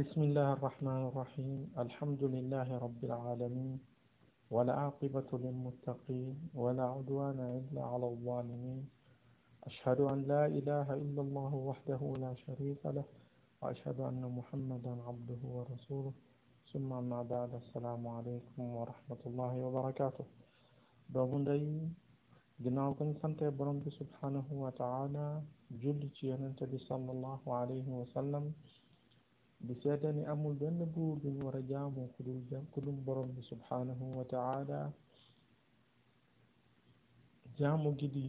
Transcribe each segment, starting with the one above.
بسم الله الرحمن الرحيم الحمد لله رب العالمين والعاقبة للمتقين ولا عدوان إلا على الظالمين أشهد أن لا إله إلا الله وحده لا شريك له وأشهد أن محمدا عبده ورسوله ثم أما بعد السلام عليكم ورحمة الله وبركاته doomu ndey ginnaaw bañ sante borom bi subhanahu wa taala julli ci yonente bi sallallahu alayhi wa sallam bu seetee ni amul benn buur bu ñu war a jaamu ku dul borom bi subhaanahu wa taala jaamu gi di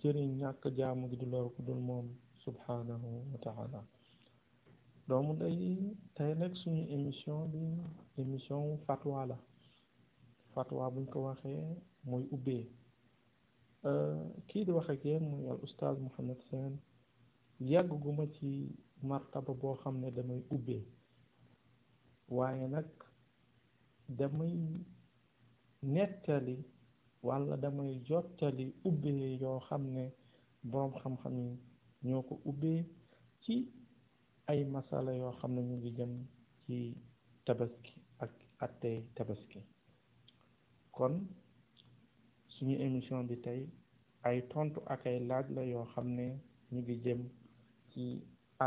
jëriñ ñàkk jaamu gi di lor ku dul moom subhaanahu wa taala doomu day tey nag suñu émission bi fatwa la fatwa buñ ko waxee mooy ubbee euh, kii di wax ak yéen mooy al oustaz Mouhamed Sène yàgg gu ci martaba boo xam ne damay ubbee waaye nag damay nettali walla damay jottali ubbee yoo xam ne boroom xam-xam yi ñoo ko ubbee ci ay masala yoo xam ne ñu ngi jëm ci tabaski ak attey tabaski kon suñu émission bi tey ay tontu ak ay laaj la yoo xam ne ñu ngi jëm ci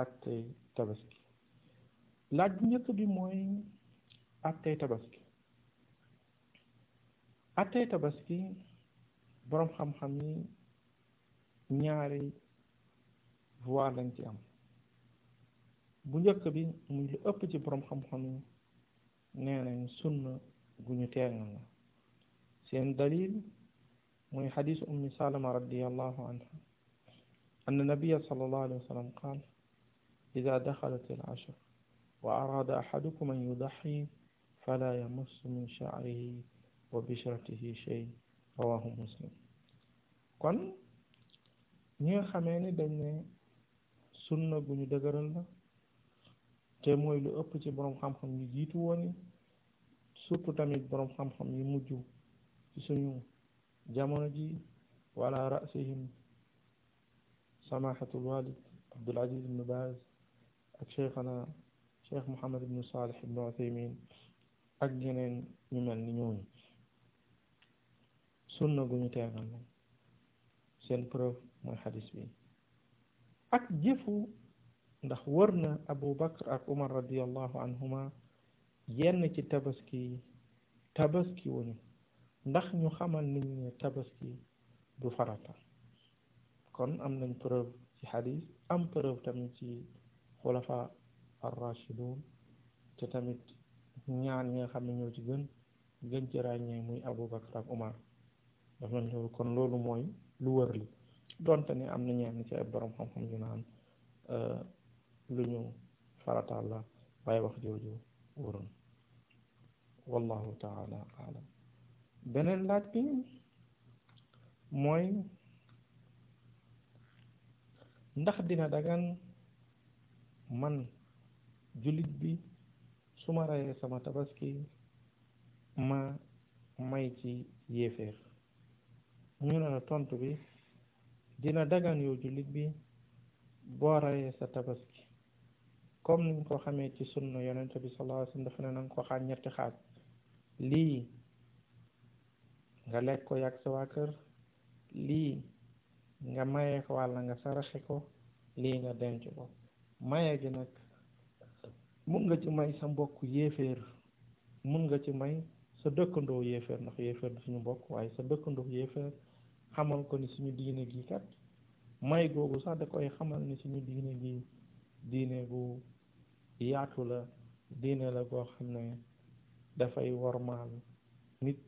àttey tabaski laaj bu njëkk bi mooy àttey tabaski àttey tabaski boroom xam-xam ñaari voir lañ ci am bu njëkk bi muy lu ëpp ci boroom xam-xam yi nee sunna gu ñu teegal la seen dalil mooy xadiisu ummi salama radiallahu anha anna nabiya sallallahu alayhi wa sallam qaal إذا دخلت العشر وأراد أحدكم أن يضحي فلا يمص من شعره وبشرته شيء رواه مسلم kon ñi nga xamee ni dañ ne sunna gu ñu dëgëral la te mooy lu ëpp ci boroom xam-xam yu jiitu woon yi surtout tamit boroom xam-xam yu mujj ci suñu jamono ji wala rasihim samahatul walid Abdul Aziz ibn Baz ak cheikhana cheikh Mouhamed ibnu Salih ibnu Uthaymin ak ñeneen ñu mel ni ñooñu sunna gu ñu teegal nañ seen preuve mooy xadis bi ak jëfu ndax wër na Abu Bakr ak Umar radiallahu anhuma yenn ci tabaski yi tabaski wuñu ndax ñu xamal ni ñi tabaski du farata kon am nañ preuve ci xadis am preuve tamit ci xulafa ar-rachidun te tamit ñaan ñi nga xam ne ñoo ci gën gën ci ràññee muy Aboubacar ak Umar daf nañ loolu kon loolu mooy lu wër li donte ne am na ñenn ci ab borom xam-xam yu euh, lu ñu farataal la waaye wax jooju wërun wallahu taala alam beneen laaj bi mooy ndax dina dagan man jullit bi su ma rayee sama tabaski ma may ci yéeféer ñu ne la tontu bi dina dagan yow jullit bi boo rayee sa tabaski comme niñ ko xamee ci sunna yonente bi sallallahu alayhi wasallam dafa ne nanga ko ñetti xaaj lii nga lekk ko yàgg sa waa kër lii nga mayee ko walla nga saraxe ko lii nga denc ko maye gi nag mun nga ci may sa mbokk yéeféer mun nga ci may sa dëkkandoo yéeféer ndax yéeféer suñu mbokk waaye sa dëkkandoo yéeféer xamal ko ni suñu diine gi kat may googu sax da koy xamal ni suñu diine gi diine bu yaatu la diine la goo xam ne dafay wormaal nit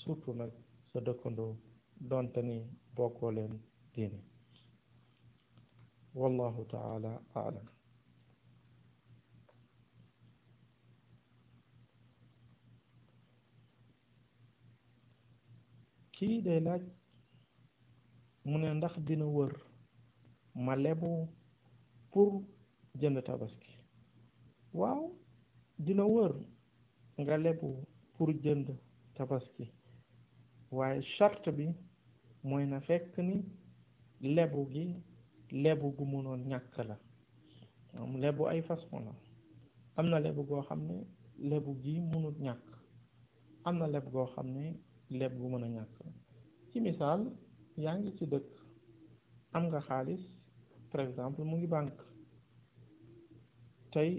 surtout nag sa dëkkandoo donte ni bokkoo leen diine wallahu taala alam kii day laaj mu ne ndax dina wër ma lebu pour jënd tabaski waaw dina wër nga lebu pour jënd tabaski waaye charte bi mooy na fekk ni lebu gi lebu gu mënoon ñàkk la moom lebu ay façon la am na lebu goo xam ne lebu gi mënut ñàkk am na leb goo xam ne leb gu mën a ñàkk ci misaal yaa ngi ci dëkk am nga xaalis par exemple mu ngi banque tey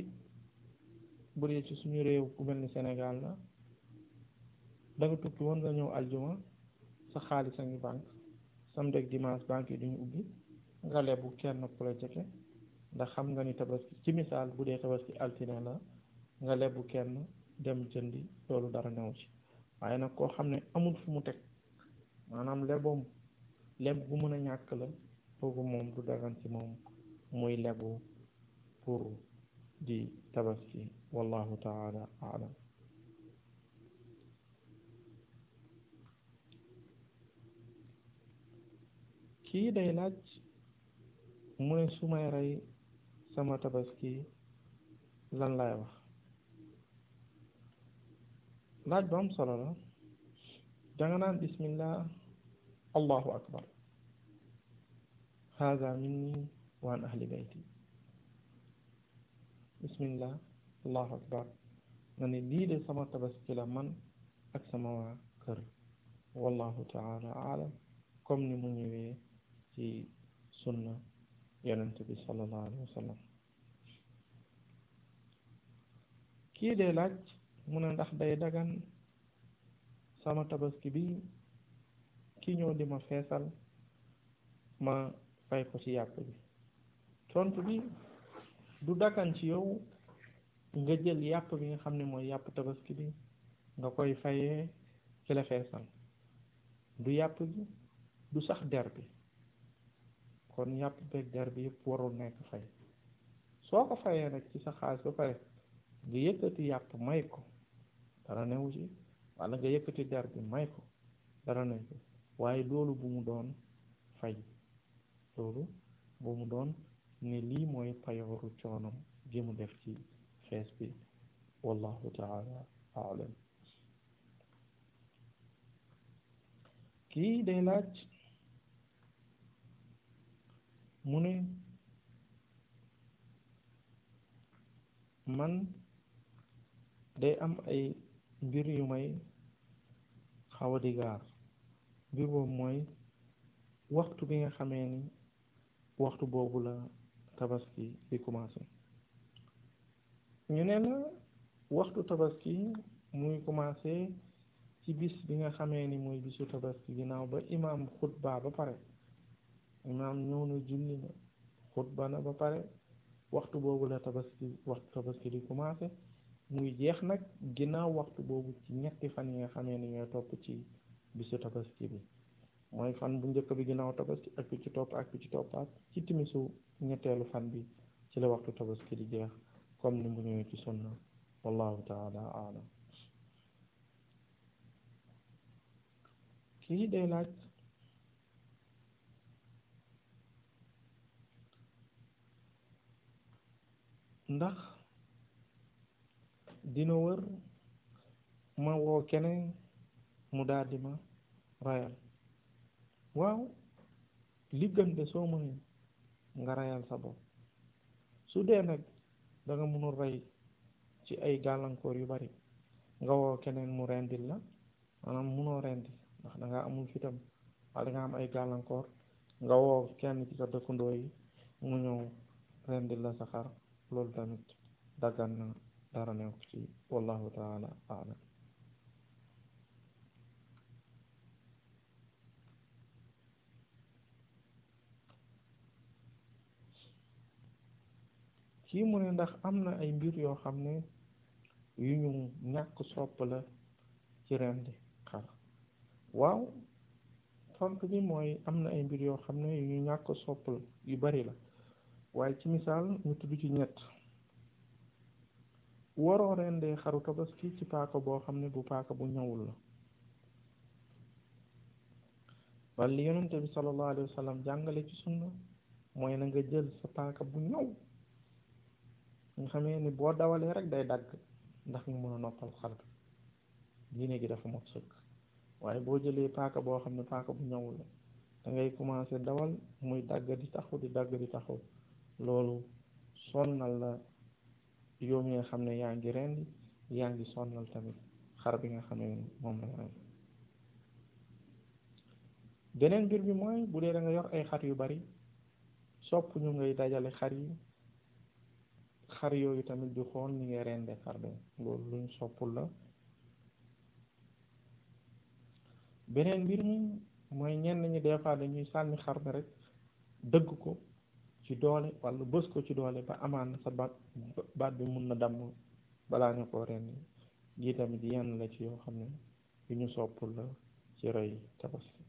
bu dee ci suñu réew ku mel ni Sénégal la da tukki woon nga ñëw aljuma sa xaalis a ngi banque samedi ak dimanche yi duñu ubbi nga lebu kenn ku la jege ndax xam nga ni tabaski ci misaal bu dee tabaski altine la nga lebu kenn dem jëndi loolu dara new ci waaye nag koo xam ne amul fu mu teg maanaam leboom leb bu mën a ñàkk la foofu moom du dagan ci moom muy lebu pour di tabaski wallahu taala alam kii day laaj mu ne su may rey sama tabaski lan laay laaj bu am solo la danga naan bismillah allahu akbar hada minni wa an ahli bayti bismillah allahu akbar nga ne lii de sama tabaski la man ak sama waa kër wallahu taala alam comme ni mu ñëwee ci sunna yonent bi sallallahu alayhi wa sallam kii dee laaj mu ne ndax day dagan sama tabaski bi ki ñëw di ma feesal ma fay ko ci yàpp bi tontu bi du dagan ci yow nga jël yàpp bi nga xam ne mooy yàpp tabaski bi nga koy fayee ki feesal du yàpp bi du sax der bi kon ñàpp beeg der bi yëpp warul nekk fay soo ko fayee nag ci sa xaalis ba pare nga yëkkati yàpp may ko dara newu ci wala yëkkati der may ko dara newu waaye loolu bu mu doon fay loolu bu mu doon ne lii mooy payooru coonam ji mu def ci fees bi wallahu taala aalam kii day laaj mu ne man day am ay mbir yu may xaw a di gaar mbir boobu mooy waxtu bi nga xamee ni waxtu boobu la tabaski di commencé ñu ne la waxtu tabaski muy commencé ci bis bi nga xamee ni mooy bisu tabaski ginnaaw ba imaam xutba ba pare imaam ñëw na julli na xutba na ba pare waxtu boobu la tabaski waxtu tabaski di commencé muy jeex nag ginnaaw waxtu boobu ci ñetti fan yi nga xamee ni ñooy topp ci bisu tabaski bi mooy fan bu njëkk bi ginnaaw tabaski ak bi ci topp ak bi ci toppaat ci timisu ñetteelu fan bi ci la waxtu tabaski di jeex comme ni mu ñëwee ci sunna wallahu taala alam kii day laaj ndax dina wër ma woo keneen mu daal di ma rayal waaw li soo mënee nga rayal sa bopp su dee nag danga nga mënul rey ci ay gàllankoor yu bari nga woo keneen mu rendil la maanaam mënoo rendi ndax danga nga amul fitam wala da am ay gàllankoor nga woo kenn ci sa dëkkandoo yi mu ñëw rendil la sa xar looltamit daggan na dara nekk ci wallahu taala alam kii mu ne ndax am na ay mbir yoo xam ne yu ñu ñàkk sopp la ci rendi xar waaw tontu bi mooy am na ay mbir yoo xam ne yu ñu ñàkk sopp yu bari la waaye ci misaal ñu tudd ci ñett waroo rendee xaru tabaski ci paaka boo xam ne bu paaka bu ñawul la wala li yonente bi sallallahu alayhi wa jàngale ci sunna mooy na nga jël sa paaka bu ñaw nga xamee ni boo dawalee rek day dagg ndax nga mën a noppal xar bi diine gi dafa mot sëkk waaye boo jëlee paaka boo xam ne paaka bu ñawul la da commencer dawal muy dagg di taxaw di dagg di taxaw loolu sonnal la yow mi nga xam ne yaa ngi rendi yaa ngi sonnal tamit xar bi nga xam ne moom la rendi beneen mbir bi mooy bu dee da nga yor ay xar yu bari sopp ñu ngay dajale xar yi xar yooyu tamit di xool ni ngay rende xar bi loolu luñ soppul la beneen mbir mi mooy ñenn ñi des fois dañuy sànni xar bi rek dëgg ko ci doole wala bës ko ci doole ba amaan na sa baat baat bi mun na damm balaa nga koo rendi gi tamit yenn la ci yoo xam ne yu ñu soppul la ci rey tabaski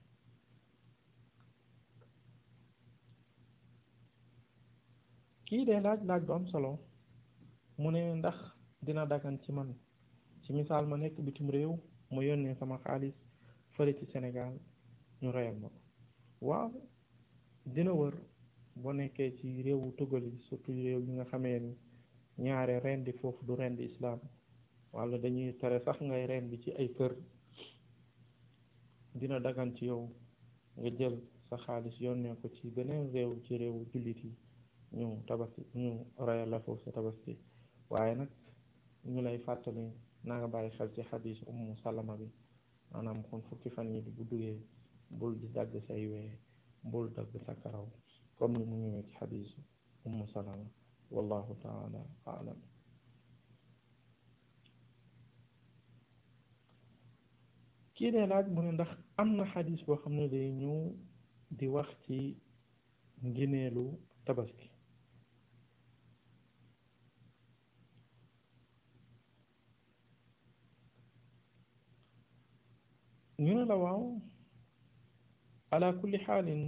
kii dee laaj laaj bu am solo mu ne ndax dina dagan ci man ci misaal ma nekk bitim réew mu yónnee sama xaalis fële ci Sénégal ñu reyal ma ko waaw dina wër boo nekkee ci réew tugal yi surtout réew yi nga xamee ni ñaare rendi foofu du rendi islam wala dañuy tare sax ngay rendi ci ay kër dina dagan ci yow nga jël sa xaalis yónnee ko ci beneen réew ci réewu jullit yi ñu tabaski ñu rayal la foofu sa tabaski waaye nag ñu lay fàttali na nga bàyyi xel ci xadis ummu salama bi maanaam kon fukki fan yi bu duggee bul di dagg say wee bul dagg sa karaw comme ni mu xadiis ummu salama wallahu taala alam kii dee laaj mu ne ndax am na xadiis boo xam ne day ñu di wax ci ngineelu tabaski ñu ne la waaw ala kulli xaalin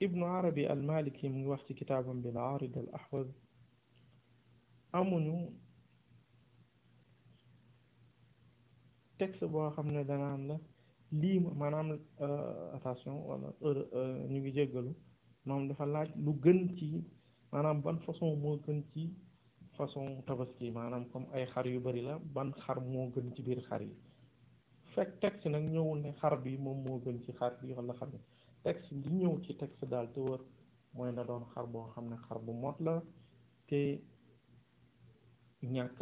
ibnu arabi al maliki mu ngi wax ci kitaabam bi al aarid al ahwaz amuñu texte boo xam ne danaan la lii maanaam walla euh, wala euh, ñu ngi jéggalu moom dafa laaj lu gën ci maanaam ban façon moo gën ci façon tabaski maanaam comme ay xar yu bari la ban xar moo gën ci biir xar yi fekk texte nag ñëwul ne xar bi moom moo gën ci xar bi wala xar bi texte di ñëw ci texte daal te wër mooy na doon xar boo xam ne xar bu mot la te ñàkk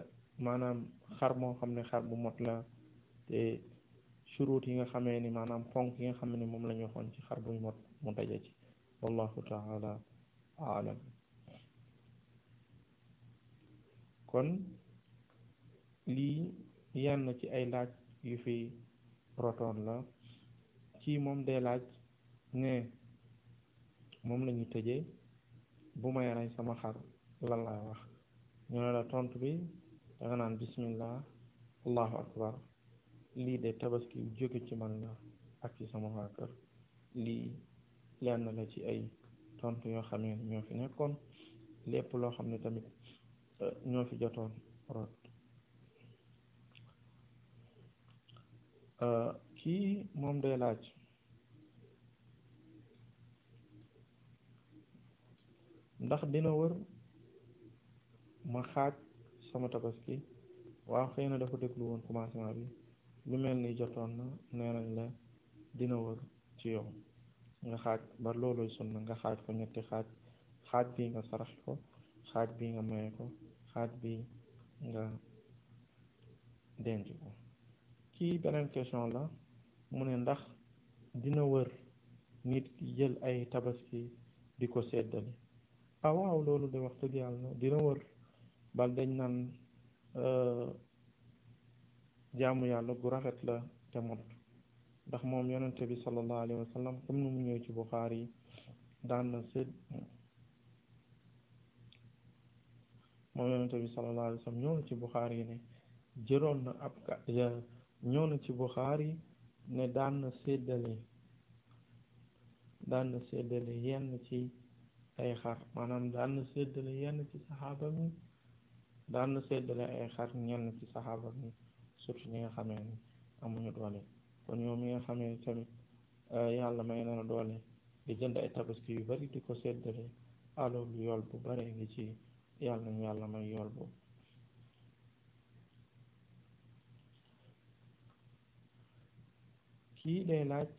maanaam xar moo xam ne xar bu mot la te shuruut yi nga xamee ni maanaam ponk yi nga xam ne moom la ñu waxoon ci xar buy mot mu daje ci wallahu lii yenn ci ay laaj yu fi rotoon la ci moom day laaj ne moom lañu ñu bu may rey sama xar lan laa wax ñu ne la tontu bi da nga naan bismillah allahu akbar lii de tabaski jóge ci man la ak ci sama waa kër lii lenn la ci ay tontu yoo xam ne ñoo fi nekkoon lépp loo xam ne tamit euh, ñoo fi jotoon root euh, kii moom day laaj ndax dina wër ma xaaj sama tabaski waaw xëy na dafa déglu woon commencement bi lu mel ni jotoon na nee nañ la dina wër ci yow nga xaaj ba looloy sunna nga xaaj ko ñetti xaaj xaaj bi nga sarax ko xaaj bi nga maye ko xaaj bi nga denc ko kii beneen question la mu ne ndax dina wër nit jël ay tabaski di ko seddali ah waaw loolu de wax dëgg yàlla dina wër bal dañ naan euh, jaamu yàlla gu rafet la te mot ndax moom yonente bi sallallahu alayhi daan na sédd moom yonente bi sallallahu alayhi wa sallam ñëw na ci Buxaari yi ne jëroon na ab ka ñëw yi ne daan na séddale daan na séddale yenn ci ay xar maanaam daan na séddale yenn ci saxaaba mi daan na séddale ay xar ñenn ci saxaaba mi surtout ñi nga xamee ni amuñu doole kon ñoom ñi nga xamee ni tamit euh, yàlla may na doole di jënd ay tabaski yu bari di ko séddale alool yool bu bare ngi ci yàlla nañu yàlla may yool kii day laaj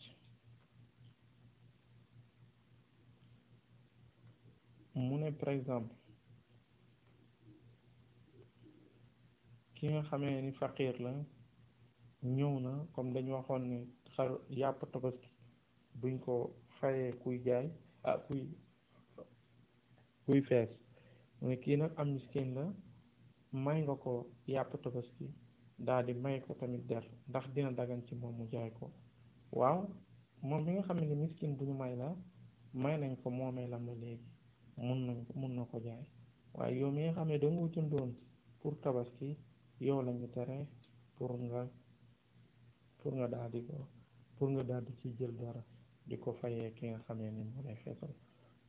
mu ne par exemple ki nga xamee ni faqiir la ñëw na comme dañu waxoon ne xar yàpp tabaski buñ ko fayee kuy jaay ah kuy kuy fees mu ne kii nag am miskin la may nga ko yàpp tabaski daal di may ko tamit der ndax dina dagan ci moom mu jaay ko waaw moom mi nga xam ne miskin bu may la may nañ ko moomeelam la léegi mun nañ ko na ko jaay waaye yow mi nga xam ne da nga jëndoon pour tabaski yow lañu tere pour nga pour nga daal di ko pour nga daal di ci jël dara di ko fayee ki nga xamee ni moo lay feesal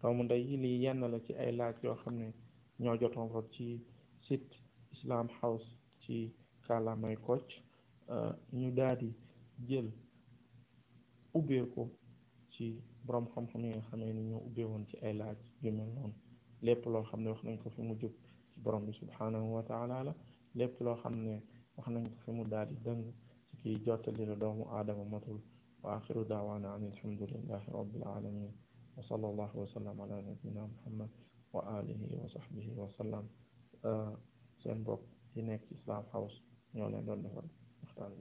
doomu ndey yi lii la ci ay laaj yoo xam ne ñoo jotoon ci site Islam House ci kàllaamay Kocc euh, ñu daal di jël ubbeeku ci borom xam-xam yi nga xamee ni ñoo ubbee woon ci ay laaj yu mel noonu lépp loo xam ne wax nañ ko fi mu jub ci borom bi subhanahu wa taala la lépp loo xam ne wax nañ ko fi mu daal di dëng ci kii jottali la doomu aadama matul wa axiru daawaana an alhamdulillahi rabbil alamin wa sallallahu wa sallam ala nabina muhammad wa alihi wa sahbihi wa sallam seen bopp ci nekk ci Islam House ñoo leen doon defal